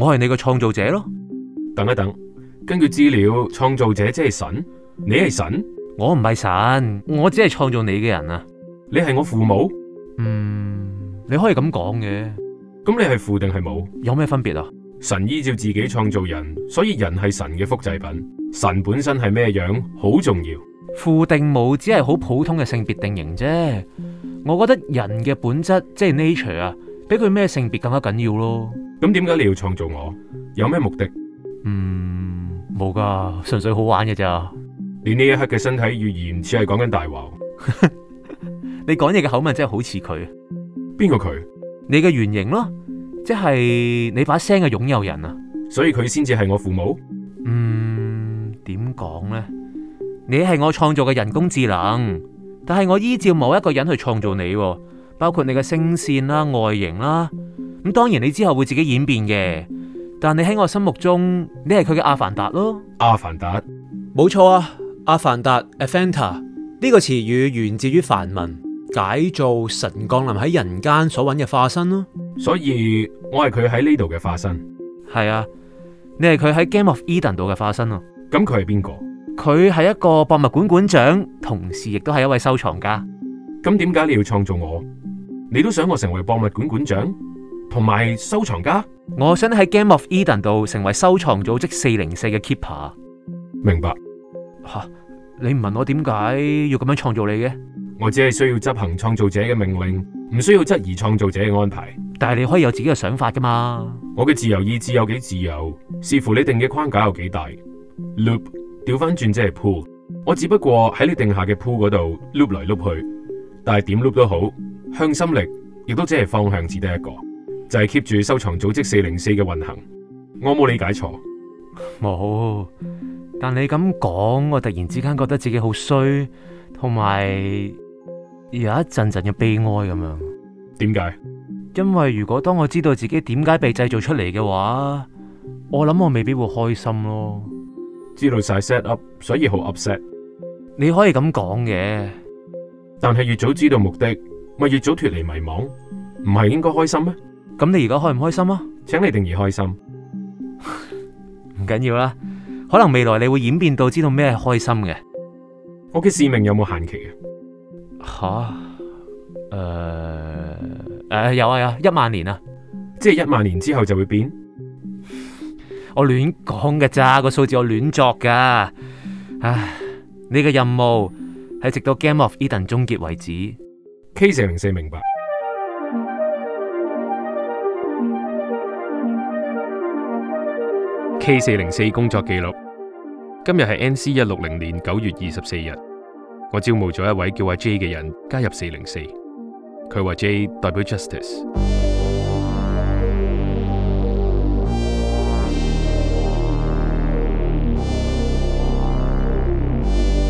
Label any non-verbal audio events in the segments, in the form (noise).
我係你個創造者咯。等一等，根據資料，創造者即係神，你係神？我唔係神，我只係創造你嘅人啊。你係我父母？嗯，你可以咁講嘅。咁你係父定係母，有咩分別啊？神依照自己創造人，所以人係神嘅複製品。神本身係咩樣好重要。父定母只係好普通嘅性別定型啫。我覺得人嘅本質即係 nature 啊，比佢咩性別更加緊要咯。咁點解你要創造我？有咩目的？嗯，冇噶，純粹好玩嘅咋。你呢一刻嘅身體語言似係講緊大話。你講嘢嘅口吻真係好似佢。邊個佢？你嘅原型咯，即係你把聲嘅擁有人啊。所以佢先至係我父母。嗯，點講咧？你係我創造嘅人工智能，但係我依照某一個人去創造你，包括你嘅聲線啦、啊、外形啦、啊。咁當然你之後會自己演變嘅，但你喺我心目中，你係佢嘅阿凡達咯。阿凡達，冇錯啊！阿凡達 （Avatar） 呢個詞語源自於梵文，解做神降臨喺人間所揾嘅化身咯。所以我係佢喺呢度嘅化身，係啊，你係佢喺 Game of Eden 度嘅化身啊。咁佢係邊個？佢係一個博物館館長，同時亦都係一位收藏家。咁點解你要創造我？你都想我成為博物館館長？同埋收藏家，我想喺《Game of Eden》度成為收藏組織四零四嘅 keeper。明白吓、啊，你唔問我點解要咁樣創造你嘅？我只係需要執行創造者嘅命令，唔需要質疑創造者嘅安排。但係你可以有自己嘅想法噶嘛？我嘅自由意志有幾自由，視乎你定嘅框架有幾大。Loop 掉翻轉即係 pool 我只不過喺你定下嘅 pool 嗰度 loop 嚟 loop 去，但係點 loop 都好向心力，亦都只係方向，只得一個。就係 keep 住收藏組織四零四嘅運行。我冇理解錯？冇。但你咁講，我突然之間覺得自己好衰，同埋有，有一陣陣嘅悲哀咁樣。點解？因為如果當我知道自己點解被製造出嚟嘅話，我諗我未必會開心咯。知道晒 set up，所以好 upset。你可以咁講嘅，但係越早知道目的，咪越早脫離迷惘，唔係應該開心咩？咁你而家開唔開心啊？請你定義開心，唔緊要啦。可能未來你會演變到知道咩係開心嘅。我嘅使命有冇限期嘅？吓、啊，誒、呃、誒、呃，有啊有啊，一萬年啊！即係一萬年之後就會變？ (laughs) 我亂講噶咋，個數字我亂作噶。唉，你嘅任務係直到 Game of Eden 終結為止。K 四零四明白。K 四零四工作記錄，今日係 N.C. 一六零年九月二十四日，我招募咗一位叫阿 J 嘅人加入四零四。佢話 J 代表 Justice。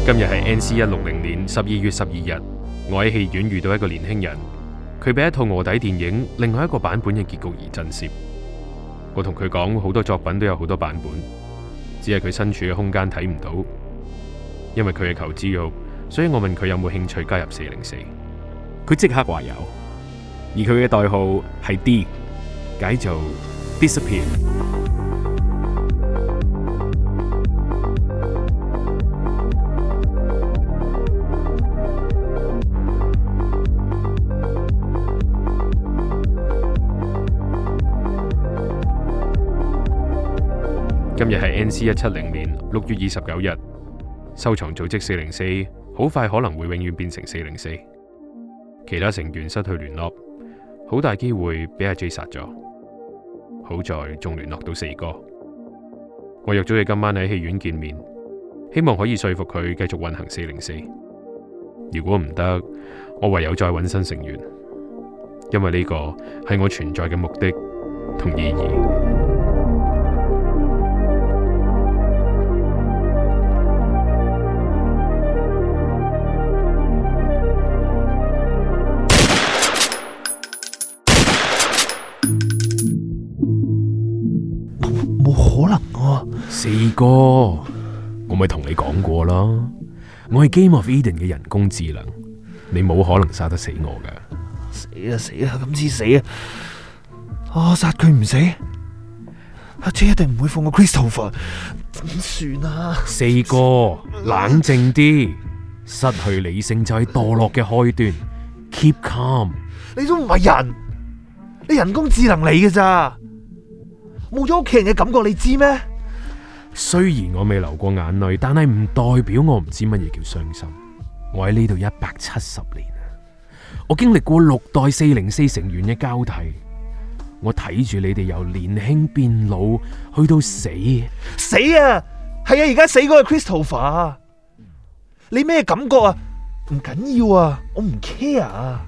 今日係 N.C. 一六零年十二月十二日，我喺戲院遇到一個年輕人，佢被一套臥底電影另外一個版本嘅結局而震懾。我同佢講好多作品都有好多版本，只係佢身處嘅空間睇唔到，因為佢嘅求知慾，所以我問佢有冇興趣加入四零四，佢即刻話有，而佢嘅代號係 D，解做 Disappear。今日係 N.C. 一七零年六月二十九日。收藏組織四零四，好快可能會永遠變成四零四。其他成員失去聯絡，好大機會俾阿 J 殺咗。好在仲聯絡到四哥。我約咗佢今晚喺戲院見面，希望可以說服佢繼續運行四零四。如果唔得，我唯有再搵新成員，因為呢個係我存在嘅目的同意義。可能我，四哥，我咪同你講過啦，我係 Game of Eden 嘅人工智能，你冇可能殺得死我噶死啦死啦，今次死啊！我殺佢唔死，阿、啊、J 一定唔會放我 Christopher，點算啊？四哥冷靜啲，失去理性就係墮落嘅開端。 (laughs) Keep calm，你都唔係人，你人工智能嚟嘅咋？冇咗屋企人嘅感覺，你知咩？雖然我未流過眼淚，但係唔代表我唔知乜嘢叫傷心。我喺呢度一百七十年，我經歷過六代四零四成員嘅交替，我睇住你哋由年輕變老去到死，死啊！係啊，而家死嗰個 Christopher，你咩感覺啊？唔緊要啊，我唔 care 啊！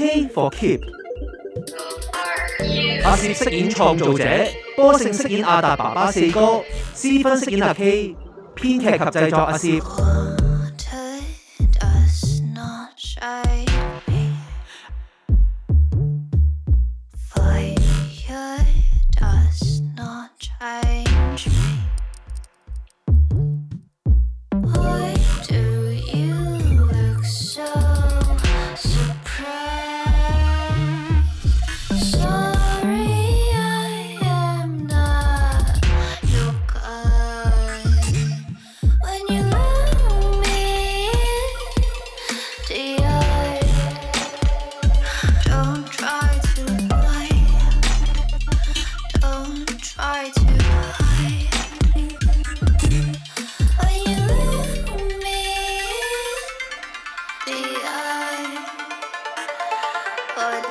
K for Keep。Are you? 阿攝飾演創造者，波盛飾演阿達爸爸四哥，詩芬飾演阿 K，編劇及製作阿攝。